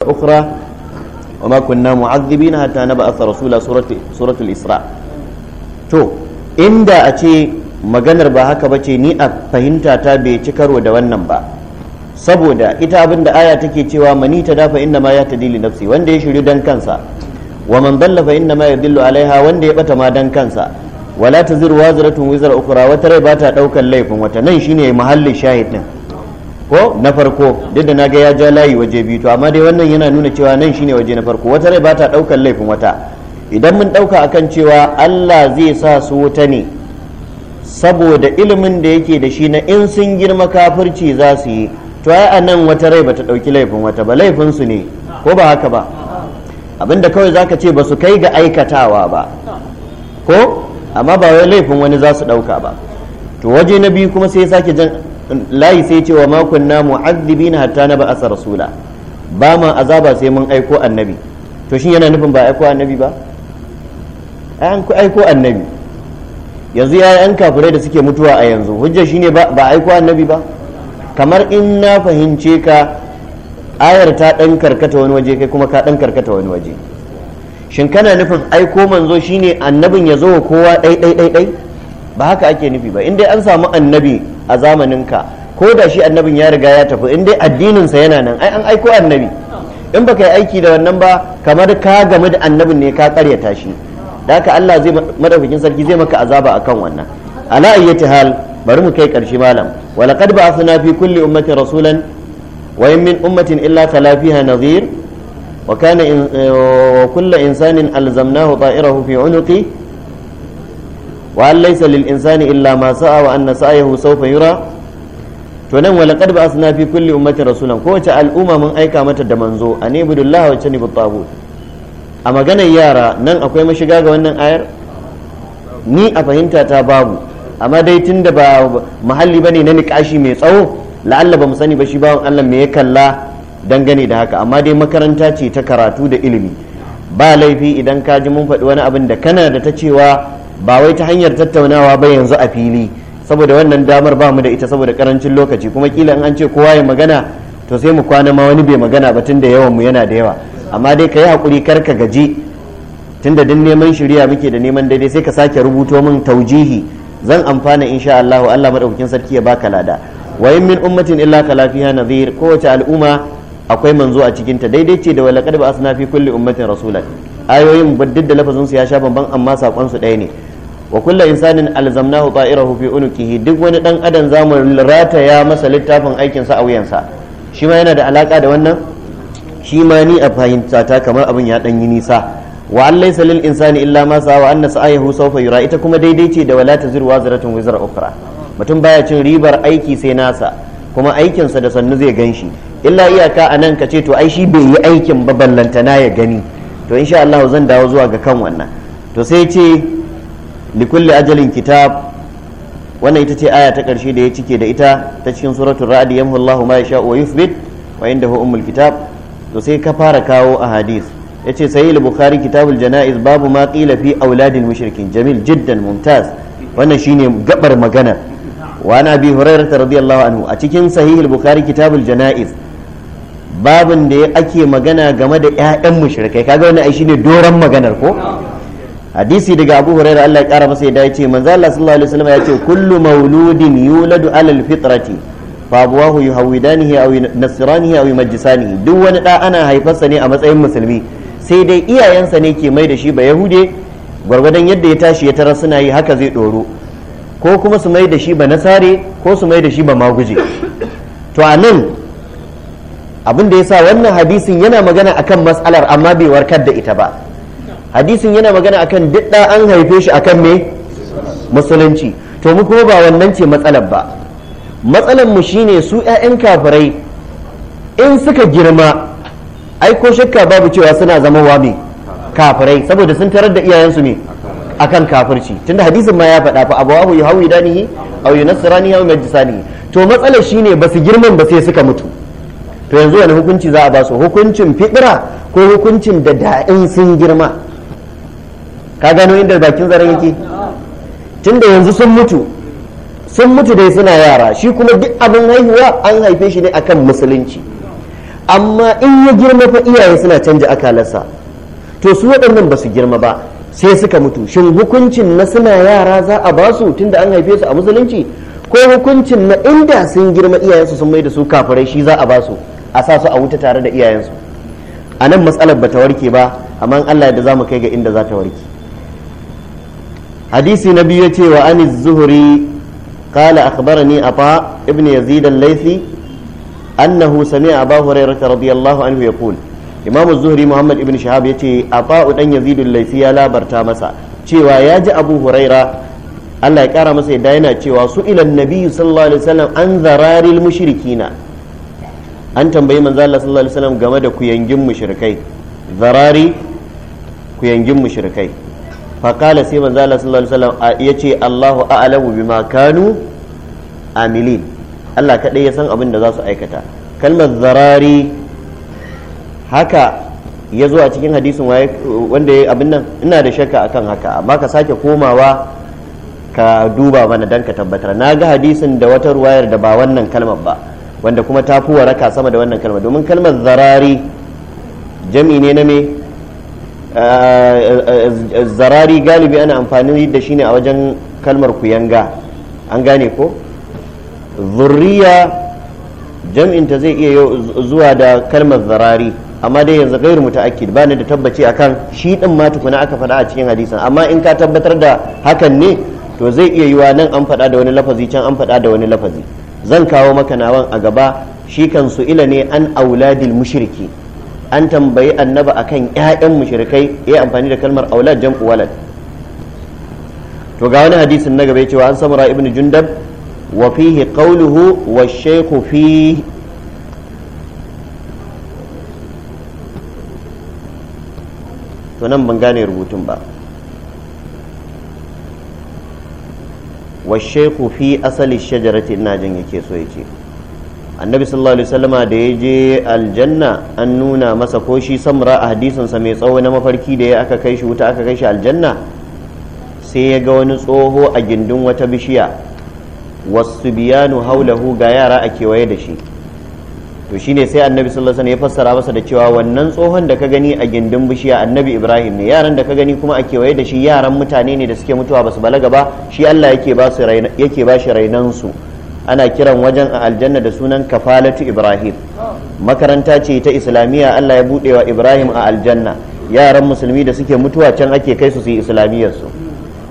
أخرى وما كنا معذبين حتى نبعث رسولا سورة الإسراء تو inda a ce maganar ba haka ba ce ni a fahimta ta bai ci karo da wannan ba saboda ita abin da aya take cewa mani ta dafa inda ma ya ta nafsi wanda ya shiru dan kansa wa man dalla fa inna ma yadillu alaiha wanda ya bata ma dan kansa wala taziru waziratun wizar ukra wata rai ba ta daukan laifin wata nan shine mahallin shahid din ko na farko duk da naga ya ja layi waje biyu to amma dai wannan yana nuna cewa nan shine waje na farko wata rai ba ta daukar laifin wata idan mun dauka akan cewa Allah zai sa su wuta ne saboda ilimin da yake da shi na in sun girma kafirci za su yi to ai anan wata rai ba ta dauki laifin wata ba laifin su ne ko ba haka ba abinda kawai zaka ce ba su kai ga aikatawa ba ko amma ba wai laifin wani za su dauka ba to waje na biyu kuma sai ya sake jan layi sai cewa namu azzibi na hatta na ba'asa rasula ba ma azaba sai mun aiko annabi to shi yana nufin ba aiko annabi ba an ku aiko annabi yanzu ya yan kafirai da suke mutuwa a yanzu hujja shine ba aiko annabi ba kamar in na fahimce ka ayar ta dan karkata wani waje kai kuma ka dan karkata wani waje shin kana nufin aiko manzo shine annabin ya zo kowa ɗai ɗai ɗai ɗai ba haka ake nufi ba in dai an samu annabi a zamaninka ko da shi annabin ya riga ya tafi in dai addininsa yana nan ai an aiko annabi in baka yi aiki da wannan ba kamar ka game da annabin ne ka karyata shi da haka Allah zai madaukakin sarki zai maka azaba akan wannan ala ayyati hal bari mu kai karshe malam wa laqad ba'athna fi kulli ummatin rasulan wa in min ummatin illa khala fiha nadhir وكان وكل إنسان ألزمناه طائره fi عنقه wa an laysa lil insani illa ma sa'a wa anna sa'yahu sawfa yura to nan wa laqad ba'athna fi kulli ummatin rasulan kowace al'umma mun aika mata da manzo anibudullah wa tanibu tagut a maganar yara nan akwai mashiga ga wannan ayar ni a fahimta ta babu amma dai tunda ba muhalli bane na niƙashi mai tsawo la'alla ba mu sani ba shi bawan Allah me ya kalla dangane da haka amma dai makaranta ce ta karatu da ilimi ba laifi idan ka ji mun faɗi wani abin da kana da ta cewa ba wai ta hanyar tattaunawa ba yanzu a fili saboda wannan damar ba mu da ita saboda karancin lokaci kuma kila in an ce kowa ya magana to sai mu kwana ma wani bai magana ba tunda yawan mu yana da yawa amma dai ka yi hakuri kar ka gaji tunda duk neman shirya muke da neman daidai sai ka sake rubuto min taujihi zan amfana insha Allah Allah madaukakin sarki ya baka lada wa min ummatin illa kala fiha nadhir kowace al'umma akwai manzo a cikinta daidai ce da walaqad ba asna fi kulli ummatin rasulan ayoyin duk da lafazin su ya sha bamban amma sakon su ɗaya ne wa kulla insanin alzamnahu ta'irahu fi unukihi duk wani dan adam zamu rataya masa littafin aikin sa a wuyansa shi ma yana da alaka da wannan shi ma ni a fahimta kamar abin ya dan yi nisa wa salil lil insani illa ma sa wa anna sa'ayahu sawfa yura ita kuma daidai ce da wala tazir waziratun wizra ukra mutum baya cin ribar aiki sai nasa kuma aikinsa da sannu zai ganshi illa iyaka anan nan ka ce to ai shi bai yi aikin ba ballantana ya gani to insha Allah zan dawo zuwa ga kan wannan to sai ce likulli ajalin kitab wannan ita ce aya ta karshe da ya cike da ita ta cikin suratul ra'd yamhullahu ma yasha wa yuthbit wa indahu umul kitab to sai ka fara kawo a hadis yace sahih al-bukhari kitabul janaiz babu ma qila fi auladil mushrikin jamil jiddan mumtaz wannan shine gabar magana wa ana bi hurairah radiyallahu anhu a cikin sahih al-bukhari kitabul janaiz babin da ake magana game da ƴaƴan mushrikai kaga wannan ai shine doran maganar ko hadisi daga abu huraira Allah ya kara masa ya ce manzo Allah sallallahu alaihi wasallam ya ce kullu mauludin yuladu alal fitrati fa abuwahu yuhawidanihi aw nasiranihi aw yumajjisanihi duk wani da ana haifarsa ne a matsayin musulmi sai dai iyayensa ne ke mai da shi ba yahude gwargwadon yadda ya tashi ya tarar suna yi haka zai ɗoro ko kuma su mai da shi ba nasare ko su mai da shi ba maguje to a nan abin da ya sa wannan hadisin yana magana akan matsalar amma bai warkar da ita ba hadisin yana magana akan duk da an haife shi akan me musulunci to mu kuma ba wannan ce matsalar ba matsalar mu shine su 'ya'yan kafirai in suka girma ai ko shakka babu cewa suna zama wa me kafirai saboda sun tarar da iyayensu ne akan kafirci tunda hadisin ma ya faɗa fa abu abu yahawi danihi aw yunasrani aw majlisani to matsalar shine ba su girman ba sai suka mutu to yanzu wani hukunci za a ba su hukuncin fidira ko hukuncin da da'in sun girma ka gano inda bakin zaren yake tunda yanzu sun mutu sun mutu dai suna yara shi kuma duk abin haihuwa an haife shi ne akan musulunci amma in ya girma fa iyaye suna canja akalarsa to su waɗannan ba su girma ba sai suka mutu shin hukuncin na suna yara za a ba su tunda an haife su a musulunci ko hukuncin na inda sun girma iyayensu sun mai da su kafirai shi za a ba su a sa su a wuta tare da iyayensu a nan matsalar ba ta warke ba amma Allah da za mu kai ga inda za ta warke hadisi na biyu yace wa ani zuhri qala akhbarani ata ibn yazid al-laythi annahu sami'a abu hurairah radiyallahu anhu yaqul imam zuhri muhammad ibn shahab yace ata dan yazid al ya labarta masa cewa ya ji abu huraira Allah ya kara masa yadda yana cewa su ilan nabiyyu sallallahu alaihi wasallam an zararil mushrikina an tambayi manzo Allah sallallahu alaihi game da kuyangin mushrikai zarari faƙala sai manzo Allah sallallahu alaihi wasallam ya ce Allahu a'lamu bima kanu amilin Allah kaɗai ya san abin da za su aikata kalmar zarari haka ya zo a cikin hadisin wanda ya abin nan ina da shakka akan haka amma ka sake komawa ka duba mana don ka tabbatar na ga hadisin da wata ruwayar da ba wannan kalmar ba wanda kuma ta fi waraka sama da wannan kalmar domin kalmar zarari jami ne na me zarari galibi ana amfani da shi ne a wajen kalmar kuyanga an gane ko zurriya jam'inta zai iya zuwa da kalmar zarari amma dai yanzu gairu muta'akkid ba ni da tabbaci akan shi din ma tukuna aka faɗa a cikin hadisin amma in ka tabbatar da hakan ne to zai iya yiwa nan an faɗa da wani lafazi can an faɗa da wani lafazi zan kawo maka nawan a gaba shi kan su ila ne an auladil mushriki an tambayi annaba akan ƴaƴan mushrikai ya amfani da kalmar aulad jam'u walad to ga wani hadisin na gaba cewa an samura ibn jundab wa fihi qawluhu wa shaykhu fi to nan ban gane rubutun ba wa shaykhu fi asali shajarati ina jin yake so yace ce annabi sallallahu alaihi wasallama da ya je aljanna an nuna masa ko shi samra a hadisinsa mai tsawo na mafarki da ya aka kai shi wuta aka kai shi aljanna sai ya ga wani tsoho a gindin wata bishiya wasu biyanu haulahu ga yara a kewaye da shi to shine sai annabi sallallahu alaihi wasallam ya fassara masa da cewa wannan tsohon da ka gani a gindin bishiya annabi ibrahim ne yaran da ka gani kuma a kewaye da shi yaran mutane ne da suke mutuwa basu balaga ba shi allah yake ba shi rainan su ana kiran wajen a aljanna da sunan kafalatu ibrahim makaranta ce ta islamiyya allah ya buɗe wa ibrahim a aljanna yaran musulmi da suke mutuwa can ake kai su su yi islamiyyar su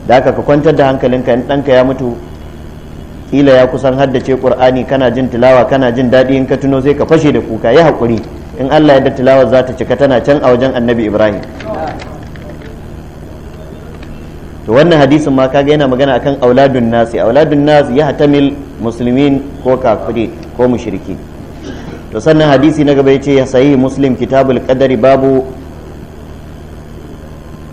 da haka ka kwantar da hankalinka in ɗanka ya mutu kila ya kusan haddace qur'ani kana jin tilawa kana jin daɗi in ka tuno sai ka fashe da kuka ya haƙuri in allah ya da tilawar za ta cika tana can a wajen annabi ibrahim to wannan hadisin ma kaga yana magana akan auladun nasi auladun nas ya hatamil muslimin ko kafiri ko mushriki to sannan hadisi na gaba yace ya sayi muslim kitabul qadari babu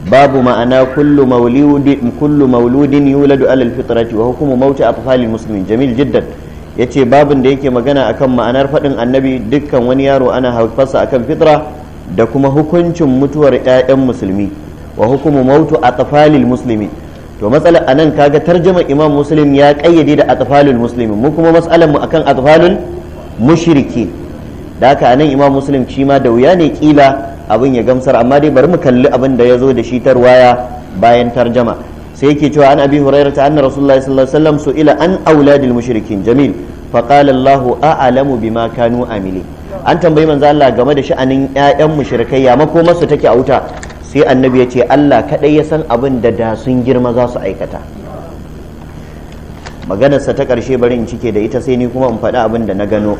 babu ma'ana kullu mauludin kullu mawludin yuladu ala alfitrati wa hukmu mauti afalil muslimin jamil jiddan yace babin da yake magana akan ma'anar fadin annabi dukkan wani yaro ana haifarsa akan fitra da kuma hukuncin mutuwar 'ya'yan musulmi wa hukumu mautu atfalil muslimin to matsalar anan kaga tarjama imam muslim ya kayyade da atfalul muslimin mu kuma matsalar mu akan atfalul mushriki da haka nan imam muslim shi ma da wuya ne kila abin ya gamsar amma dai bari mu kalli abin da ya zo da shi tarwaya bayan tarjama sai yake cewa an abi hurairah ta anna rasulullahi sallallahu alaihi wasallam su'ila an auladil mushrikin jamil فقال الله أعلم بما كانوا an tambayi manzo Allah game da sha'anin ƴaƴan mushrikai ya mako masu take a wuta sai annabi ya ce Allah kaɗai ya san abin da da sun girma za su aikata maganarsa ta ƙarshe bari in cike da ita sai ni kuma in faɗi abin da na gano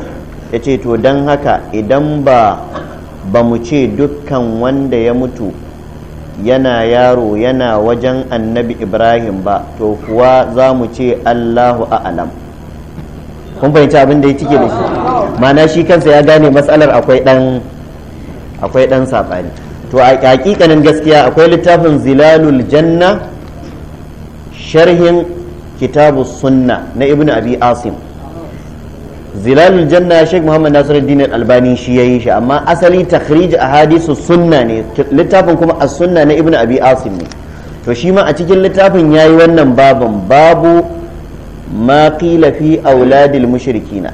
ya ce to don haka idan ba ba mu ce dukkan wanda ya mutu yana yaro yana wajen annabi ibrahim ba to kuwa za mu ce allahu a'alam kun fahimci abin da ya cike da shi mana shi kansa ya gane matsalar akwai ɗan akwai to a hakikanin gaskiya akwai littafin zilalul janna sharhin kitabu sunna na ibn abi asim zilalul janna sheikh muhammad nasiruddin albani shi yayi shi amma asali takhrij ahadisu sunna ne littafin kuma a sunna na ibn abi asim ne to shi ma a cikin littafin yayi wannan babin babu ma qila fi auladil mushrikina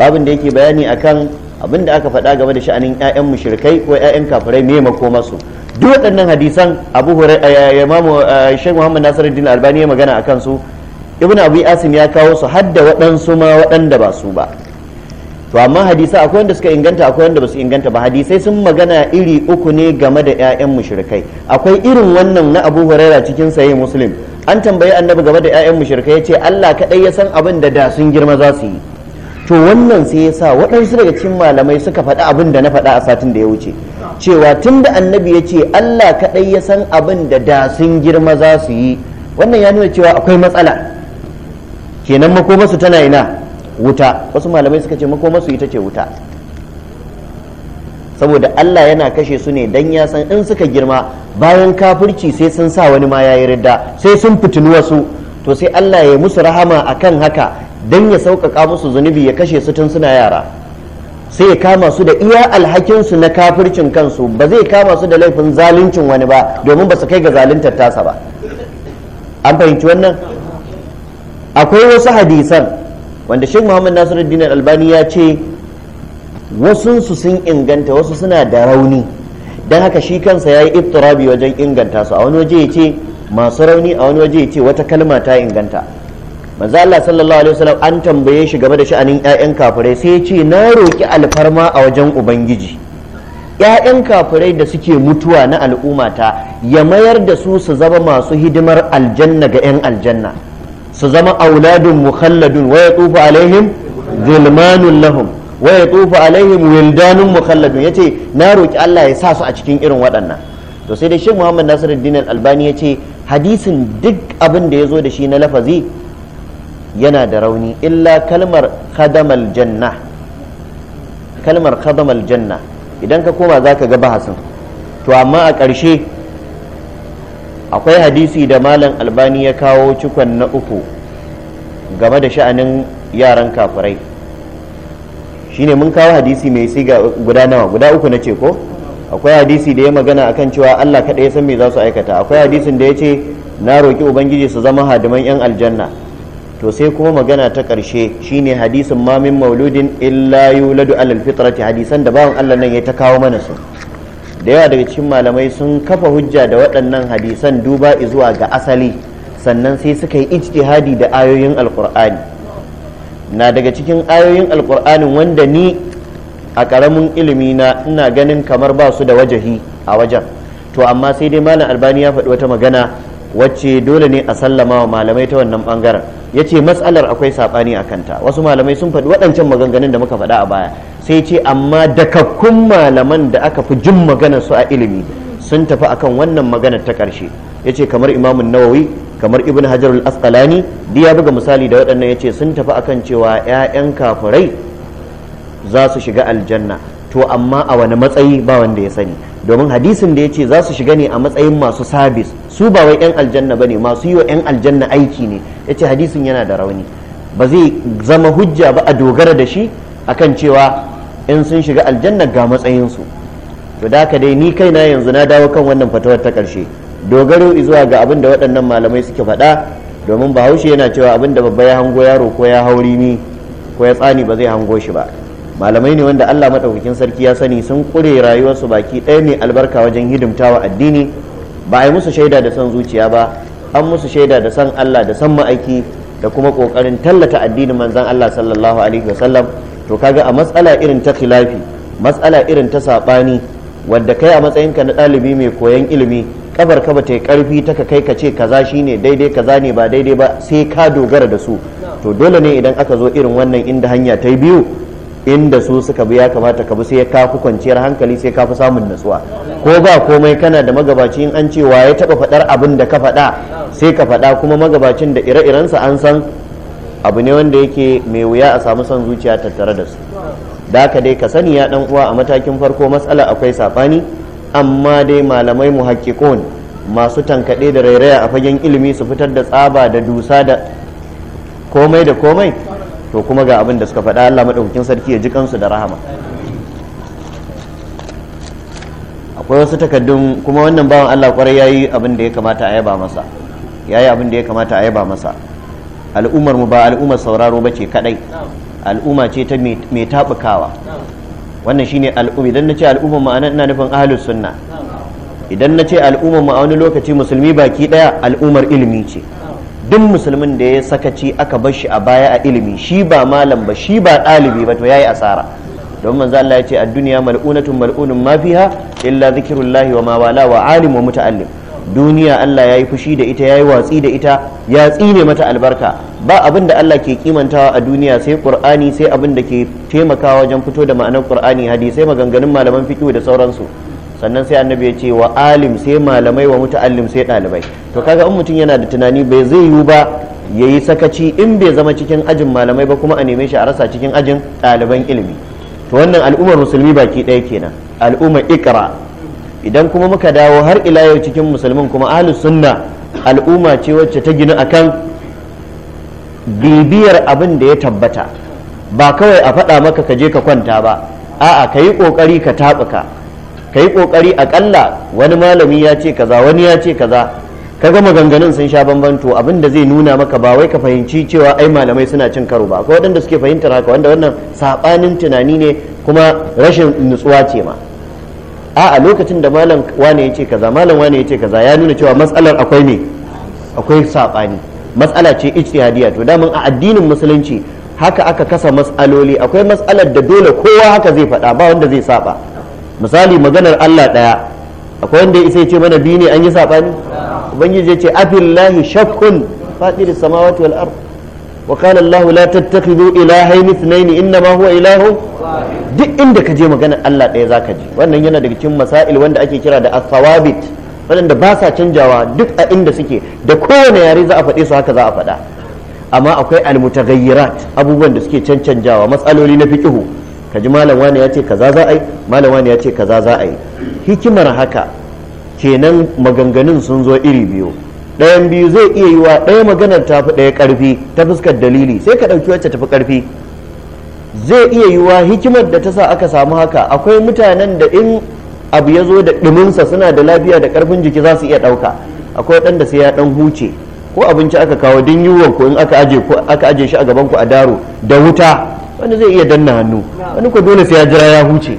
babin da yake bayani akan abin da aka faɗa game da sha'anin 'ya'yan mushrikai ko 'ya'yan kafirai ne mako masu duk waɗannan hadisan abu eh, eh, imamu eh, shek muhammad nasiruddin albani ya magana a kansu ibn abu asim ya kawo su har da waɗansu ma waɗanda ba su ba to amma hadisa akwai wanda suka inganta akwai wanda ba su inganta ba hadisai sun magana iri uku ne game da 'ya'yan mushrikai akwai irin wannan na abu huraira cikin saye muslim an tambayi annabi game da 'ya'yan mushrikai ya ce allah kaɗai ya san abin da da sun girma za su yi to wannan sai ya sa waɗansu daga cikin malamai suka faɗi abin da na faɗa a satin da ya wuce cewa tun da annabi ya ce allah kaɗai ya san abin da da sun girma za su yi wannan ya nuna cewa akwai matsala kenan makomasu tana ina wuta wasu malamai suka ce makomasu ita ce wuta saboda Allah yana kashe su ne dan ya san in suka girma bayan kafirci sai sun sa wani ma yayi ridda sai sun fitini wasu to sai Allah ya musu rahama akan haka don ya sauƙaƙa musu zunubi ya kashe su tun suna yara sai ya kama su da iya alhakinsu na kafircin kansu ba zai kama su da laifin zaluncin wani ba domin ba su kai ga zaluntar tasa ba an fahimci wannan akwai wasu hadisan wanda sheikh muhammad nasiruddin albani ya ce wasunsu sun inganta wasu suna da rauni don haka shi kansa ya yi iftirabi wajen inganta su a wani waje ya ce masu rauni a wani waje ya ce wata kalma ta inganta manzo Allah sallallahu alaihi wasallam an tambaye shi game da sha'anin ƴaƴan kafirai sai ya ce na roki alfarma a wajen ubangiji ƴaƴan kafirai da suke mutuwa na al'ummata ya mayar da su su zama masu hidimar aljanna ga ƴan aljanna su zama auladun mukhalladun wa yatufu alaihim zulmanun lahum wa yatufu alaihim wildanun mukhalladun yace na roki Allah ya sa su a cikin irin waɗannan to sai dai Sheikh Muhammad Nasiruddin Albani yace hadisin duk abin da ya zo da shi na lafazi yana da rauni illa kalmar khadamal janna kalmar khadamal janna idan ka koma za ka ga bahasin to amma a ƙarshe akwai hadisi da malam albani ya kawo cikon na uku game da sha'anin yaran kafirai shine mun kawo hadisi mai siga guda nawa guda uku na ce ko akwai hadisi da ya magana akan cewa allah kaɗai ya san me za su aikata akwai hadisin da ya ce na roƙi ubangiji su zama hadiman 'yan aljanna to sai kuma magana ta ƙarshe shine hadisin mamin mauludin illa yuladu alal fitrati hadisan da bawan Allah nan ya ta kawo mana su da yawa daga cikin malamai sun kafa hujja da waɗannan hadisan duba zuwa ga asali sannan sai suka yi hadi da ayoyin alkur'ani na daga cikin ayoyin alkur'anin wanda ni a ƙaramin ilimi na ina ganin kamar ba su da wajahi a wajen to amma sai dai malam albani ya faɗi wata magana wacce dole ne a sallama wa malamai ta wannan ɓangaren ya ce matsalar akwai saɓani a kanta wasu malamai sun faɗi waɗancan maganganun da muka faɗa a baya sai ce amma dakakkun malaman da aka fi jin maganar su a ilimi sun tafi akan wannan maganar ta ƙarshe ya ce kamar imamun nawawi kamar ibn hajar al-asqalani ya buga misali da waɗannan ya ce sun tafi akan cewa 'ya'yan kafirai za su shiga aljanna to amma a wani matsayi ba wanda ya sani domin hadisin da ya ce za su shiga ne a matsayin masu sabis su ba wai 'yan aljanna ba ne masu yi wa 'yan aljanna aiki ne ya ce hadisin yana da rauni ba zai zama hujja ba a dogara da shi akan cewa in sun shiga aljanna ga matsayinsu to da haka dai ni kaina yanzu na dawo kan wannan fatawar ta karshe dogaro zuwa ga abin da waɗannan malamai suke faɗa domin bahaushe yana cewa abin da babba ya hango yaro ko ya hauri ni ko ya tsani ba zai hango shi ba malamai ne wanda Allah madaukakin sarki ya sani sun kure rayuwarsu baki ɗaya mai albarka wajen hidimtawa addini ba a yi musu shaida da son zuciya ba an musu shaida da son Allah da san ma'aiki da kuma kokarin tallata addinin manzon Allah sallallahu alaihi wasallam to kaga a matsala irin ta khilafi matsala irin ta sabani wanda kai a matsayinka na ɗalibi mai koyon ilimi kabar ka bata yi karfi ta ka kai ka ce kaza shine daidai kaza ne ba daidai ba sai ka dogara da su to dole ne idan aka zo irin wannan inda hanya ta biyu inda su suka bi ya kamata ka bi sai ka fi kwanciyar hankali sai ka fi samun natsuwa ko ba komai kana da magabaci in an cewa ya taba faɗar abin da ka faɗa sai ka faɗa kuma magabacin da ire-irensa an san abu ne wanda yake mai wuya a samu son zuciya tattare da su da ka dai ka sani ya dan uwa a matakin farko matsala akwai saɓani amma dai malamai muhakkikun masu tankaɗe da rairaya a fagen ilimi su fitar da tsaba da dusa da komai da komai to kuma ga abin da suka faɗa Allah maɗaukakin sarki ya ji kansu da rahama akwai wasu takaddun kuma wannan bawan Allah kwarai yayi abin da ya kamata a yaba masa yayi abin da ya kamata a yaba masa al'ummar mu ba al'ummar sauraro bace kadai al'umma ce ta mai tabukawa wannan shine al'umma idan nace al'umma ma'ana ina nufin ahlus sunna idan nace al'umma mu a wani lokaci musulmi baki daya al'ummar ilimi ce duk musulmin da ya sakaci aka bar shi a baya a ilimi shi ba malam ba shi ba ɗalibi ba to yayi asara don manzo Allah ya ce a duniya mal'unatun mal'unun ma fiha illa zikrullahi wa ma wala wa alim wa muta'allim duniya Allah yayi fushi da ita ya yi watsi da ita ya tsine mata albarka ba abin da Allah ke kimantawa a duniya sai Qur'ani sai abin da ke taimakawa wajen fito da ma'anar Qur'ani hadisai maganganun malaman fiqh da sauransu sannan sai annabi ya ce wa alim sai malamai wa muta'allim sai dalibai to kaga in mutum yana da tunani bai zai yiwu ba ya yi sakaci in bai zama cikin ajin malamai ba kuma a neme shi a rasa cikin ajin ɗaliban ilimi to wannan al'ummar musulmi baki ɗaya kenan al'ummar ikra idan kuma muka dawo har ila yau cikin musulmin kuma ahlus sunna al'umma ce wacce ta gina akan bibiyar abin da ya tabbata ba kawai a faɗa maka ka je ka kwanta ba a'a ka yi ƙoƙari ka taɓuka ka yi kokari akalla wani malami ya ce kaza wani ya ce kaza kaga maganganun sun sha bambanto abin da zai nuna maka ba wai ka fahimci cewa ai malamai suna cin karo ba akwai waɗanda suke fahimtar haka wanda wannan sabanin tunani ne kuma rashin nutsuwa ce ma a a lokacin da malam wane ya ce kaza malam wane ya ce kaza ya nuna cewa matsalar akwai ne akwai sabani matsala ce ijtihadiya to daman a addinin musulunci haka aka kasa matsaloli akwai matsalar da dole kowa haka zai faɗa ba wanda zai saba misali maganar Allah ɗaya akwai wanda isa ce mana biyu ne an yi saɓani ubangiji ya ce afillahi shakkun fadiris samawati wal ard wa qala Allah la tattakhidhu ilahayn ithnayn innama huwa ilahu duk inda ka je maganar Allah ɗaya zaka ji wannan yana daga cikin masail wanda ake kira da as-sawabit waɗanda ba sa canjawa duk a inda suke da kowane yare za a faɗe su haka za a faɗa amma akwai almutaghayyirat abubuwan da suke cancanjawa matsaloli na fiqihu ka ji malam wani ya ce kaza za a yi malam wani ya ce kaza za a yi hikimar haka kenan maganganun sun zo iri biyu ɗayan biyu zai iya yi wa ɗaya maganar ta fi ɗaya ƙarfi ta fuskar dalili sai ka ɗauki wacce ta ƙarfi zai iya yi wa hikimar da ta sa aka samu haka akwai mutanen da in abu ya zo da ɗiminsa suna da lafiya da ƙarfin jiki za su iya ɗauka akwai waɗanda sai ya ɗan huce ko abinci aka kawo din yiwuwan ko in aka aje shi a gaban ku a daro da wuta wani zai iya danna hannu wani ko dole sai ya jira ya huce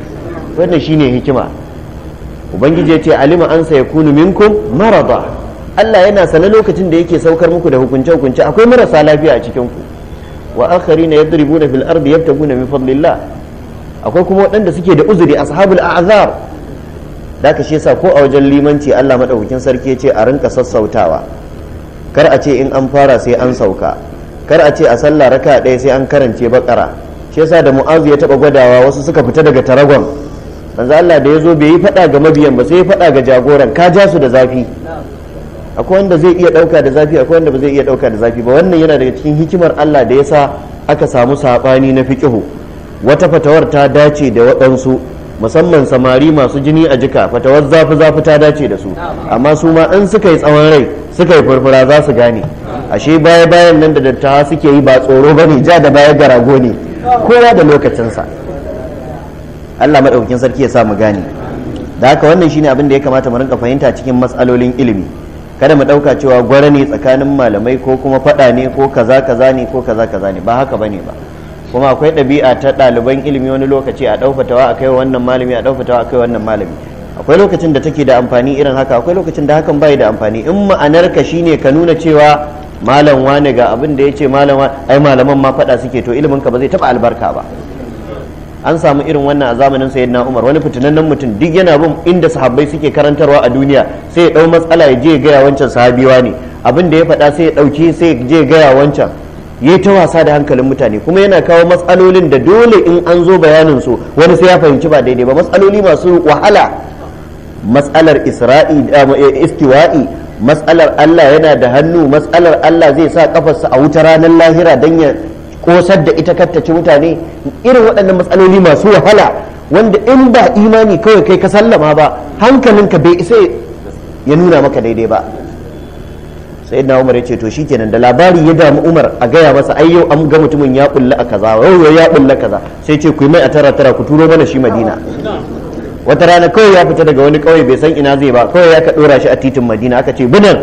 wannan shine hikima ubangiji ya ce alima an sa kunu minkum marada Allah yana sane lokacin da yake saukar muku da hukunce hukunce akwai marasa lafiya a cikin ku wa akharina yadribuna fil ardi yabtaguna min fadlillah akwai kuma waɗanda suke da uzuri ashabul a'zar daka shi yasa ko a wajen limanci Allah madaukakin sarki yace ce a rinka sassautawa kar a ce in an fara sai an sauka kar a ce a sallah raka ɗaya sai an karance bakara shi yasa da mu'azu ya taba gwadawa wasu suka fita daga taragon manzo Allah da yazo bai yi fada ga mabiyan ba sai ya fada ga jagoran ka ja su da zafi akwai wanda zai iya dauka da zafi akwai wanda ba zai iya dauka da zafi ba wannan yana daga cikin hikimar Allah da yasa aka samu sabani na fikihu wata fatawar ta dace da waɗansu musamman samari masu jini a jika fatawar zafi zafi ta dace da su amma su ma in suka yi tsawon rai suka yi furfura za su gane ashe baya bayan nan da dattawa suke yi ba tsoro bane ja da baya garago ne kowa da lokacinsa Allah maɗaukakin sarki ya sa mu gane da haka wannan shine abin da ya kamata mu rinka fahimta cikin matsalolin ilimi kada mu ɗauka cewa gwara ne tsakanin malamai ko kuma faɗa ne ko kaza kaza ne ko kaza kaza ne ba haka bane ba kuma akwai ɗabi'a ta ɗaliban ilimi wani lokaci a ɗaufatawa a kai wannan malami a ɗaufatawa a kai wannan malami akwai lokacin da take da amfani irin haka akwai lokacin da hakan bai da amfani in ma'anarka shine ka nuna cewa malam wane ga abin da ya ce malam ai malaman ma faɗa suke to ilimin ka ba zai taɓa albarka ba an samu irin wannan a zamanin sayyidina Umar wani fitinannen mutum duk yana bin inda sahabbai suke karantarwa a duniya sai ya dau matsala ya je gaya wancan sahabiwa ne abin da ya faɗa sai ya dauki sai ya je gaya wancan yayi ta wasa da hankalin mutane kuma yana kawo matsalolin da dole in an zo bayanin su wani sai ya fahimci ba daidai ba matsaloli masu wahala matsalar isra'i eh, istiwa'i matsalar Allah yana da hannu matsalar Allah zai sa kafarsa a wuta ranar lahira don ya kosar da ita kattace mutane irin waɗannan matsaloli masu wahala wanda in ba imani kawai kai ka sallama ba hankalinka bai isa ya nuna maka daidai ba sai na umar ya ce to shikenan da labari ya damu umar a gaya masa ai yau an ga mutumin ya kulla a kaza ya kulla kaza sai ce ku yi mai a tara tara ku turo mana shi madina wata rana kawai ya fita daga wani kauye bai san ina zai ba kawai ya ka dora shi a titin madina aka ce bidan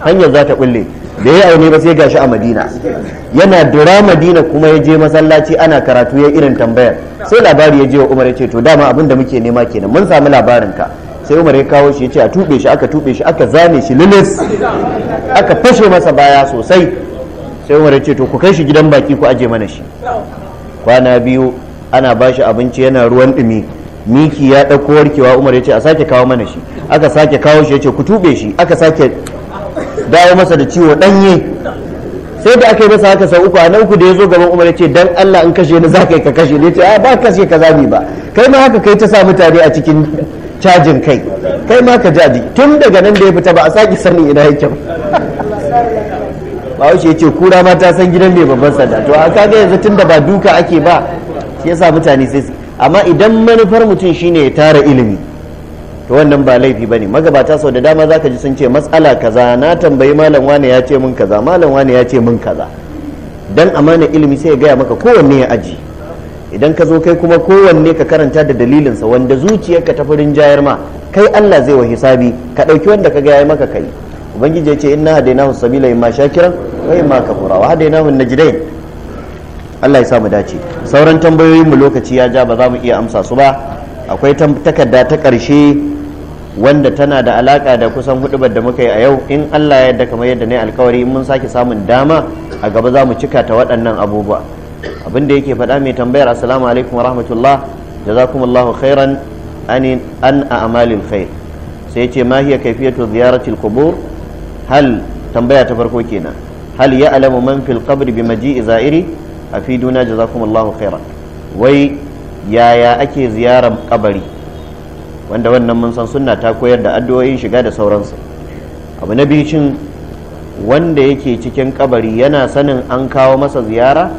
hanyar za ta bulle da ya aune ba sai gashi a madina yana dora madina kuma ya je masallaci ana karatu ya irin tambayar sai labari ya je wa umar ya ce to dama abin da muke nema kenan mun samu labarin ka sai umar ya kawo shi ya ce a tube shi aka tube shi aka zane shi lilis aka fashe masa baya sosai sai umar ya ce to ku kai shi gidan baki ku aje mana shi kwana biyu ana ba shi abinci yana ruwan dumi miki ya ɗauko warkewa umar ya ce a sake kawo mana shi aka sake kawo shi ya ce ku tuɓe shi aka sake dawo masa da ciwo ɗanye sai da aka yi masa haka sau uku a nan uku da ya zo gaban umar ya ce dan allah in kashe ni za ka yi ka kashe ni ya ce a ah, ba kashe ka zami ba kai ma haka kai ta sa mutane a cikin cajin kai kai ma ka jaji tun daga nan da ya fita ba a sake sanin ina yake ba ba ya ce kura ma ta san gidan mai babban sanda to a kaga yanzu tun da ba duka ake ba shi yasa mutane sai amma idan manufar mutum shine ya tara ilimi to wannan ba laifi bane magabata sau da dama zaka ji sun ce matsala kaza na tambayi malam wane ya ce min kaza malam wane ya ce min kaza dan amana ilimi sai ya gaya maka kowanne ya aji idan ka zo kai kuma kowanne ka karanta da dalilinsa wanda zuciyarka ta farin jayar ma kai Allah zai wa hisabi ka ɗauki wanda ka gaya maka kai ubangiji ya ce inna hadainahu sabila ma shakiran wa imma kafura wa hadainahu najdain Allah ya samu dace sauran tambayoyin mu lokaci ya ja ba za mu iya amsa su ba akwai takarda ta ƙarshe wanda tana da alaka da kusan hudubar da muka yi a yau in Allah ya yadda kamar yadda ne alkawari in mun sake samun dama a gaba za mu cika ta waɗannan abubuwa abin da yake faɗa mai tambayar assalamu alaikum wa rahmatullah jazakumullahu khairan an a amalil khair sai ce ma hiya kaifiyatu ziyaratil qubur hal tambaya ta farko kenan hal ya alamu man fil qabri bi maji'i za'iri a fiduna jazakumullahu khairan wai yaya ake ziyarar kabari wanda wannan mun san sunna ta koyar da addu'o'in shiga da sauransu abu na biyu cin wanda yake cikin kabari yana sanin an kawo masa ziyara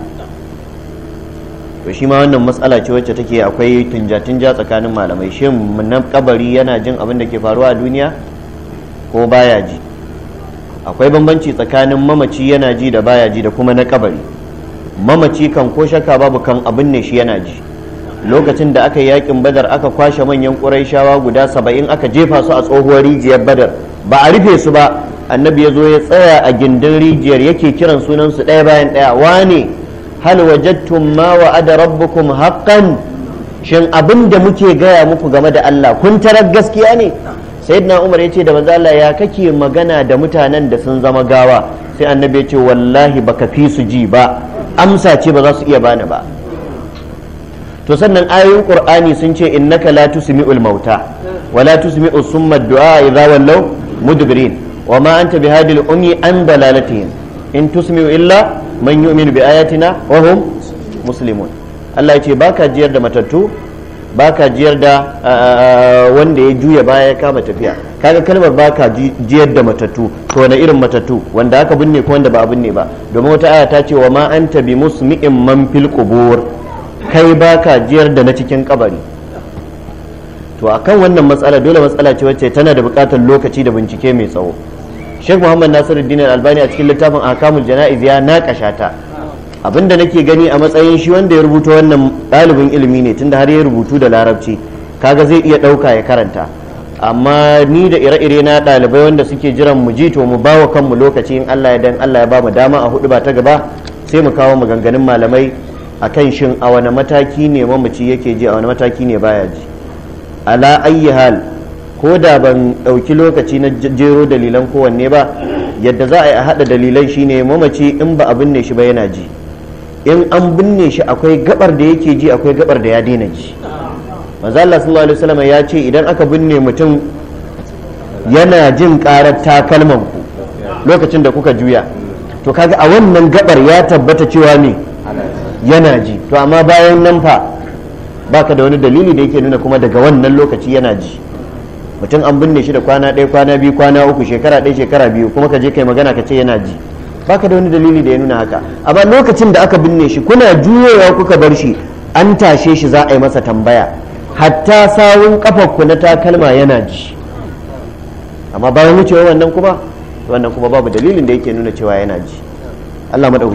to shi ma wannan matsala ce wacce take akwai tunja-tunja tsakanin malamai shin na kabari yana jin abin da ke faruwa a duniya ko baya ji akwai bambanci tsakanin mamaci yana ji da baya ji da kuma na kabari mamaci kan ko shaka babu kan abin ne shi yana ji lokacin da aka yi yakin badar aka kwashe manyan ƙuraishawa guda saba'in aka jefa su a tsohuwar rijiyar badar ba a rufe su ba annabi ya zo ya tsaya a gindin rijiyar yake kiran sunansu ɗaya bayan ɗaya wane hal wajadtum ma wa'ada rabbukum haqqan shin abin da muke gaya muku game da Allah kun tarar gaskiya ne sayyidina umar ya ce da Allah ya kake magana da mutanen da sun zama gawa sai annabi ya ce wallahi baka fi su ji ba amsa ce ba za su iya bani ba to sannan ayoyin qur'ani sun ce innaka la tusmi'ul mauta wa la tusmi'u summa du'a idza wallaw mudbirin wa ma anta bihadil ummi an dalalatihim in tusmi'u illa man yu'minu bi ayatina wa hum muslimun Allah ya ce baka jiyar da matattu baka jiyar da wanda ya juya baya ya kama tafiya kaga kalmar baka jiyar da matattu to wani irin matattu wanda aka binne ko wanda ba a binne ba domin wata aya ta ce wa ma anta bi musmi'in man fil qubur kai baka jiyar da na cikin kabari to a kan wannan matsala dole matsala ce wacce tana da bukatar lokaci da bincike mai tsawo Sheikh Muhammad Nasiruddin Albani a cikin littafin Ahkamul Jana'iz ya naƙasha ta da nake gani a matsayin shi wanda ya rubuta wannan ɗalibin ilimi ne tunda har ya rubutu da larabci kaga zai iya ɗauka ya karanta amma ni da ire-ire na ɗalibai wanda suke jiran mu ji to mu ba wa kanmu lokaci in Allah ya dan Allah ya ba mu dama a hudu ba ta gaba sai mu kawo maganganun malamai a kan shin a wani mataki ne mamaci yake ji a wani mataki ne baya ji ala ayyi hal ko da ban ɗauki lokaci na jero dalilan kowanne ba yadda za a yi a haɗa dalilan shine mamaci in ba abin ne shi ba yana ji in an binne shi akwai gabar da yake ji akwai gabar da ya daina ji manzo Allah sallallahu alaihi wasallam ya ce idan aka binne mutum yana jin karar takalman ku lokacin da kuka juya to kaga a wannan gabar ya tabbata cewa me yana ji to amma bayan nan fa baka da wani dalili da yake nuna kuma daga wannan lokaci yana ji mutum an binne shi da kwana ɗaya kwana biyu kwana uku shekara ɗaya shekara biyu kuma ka je kai magana ka ce yana ji baka da wani dalili da ya nuna haka amma lokacin da aka binne shi kuna juyowa kuka bar shi an tashe shi za a yi masa tambaya hatta sawun kafar ku na takalma yana ji amma bayan wucewa wannan kuma wannan kuma babu dalilin da yake nuna cewa yana ji Allah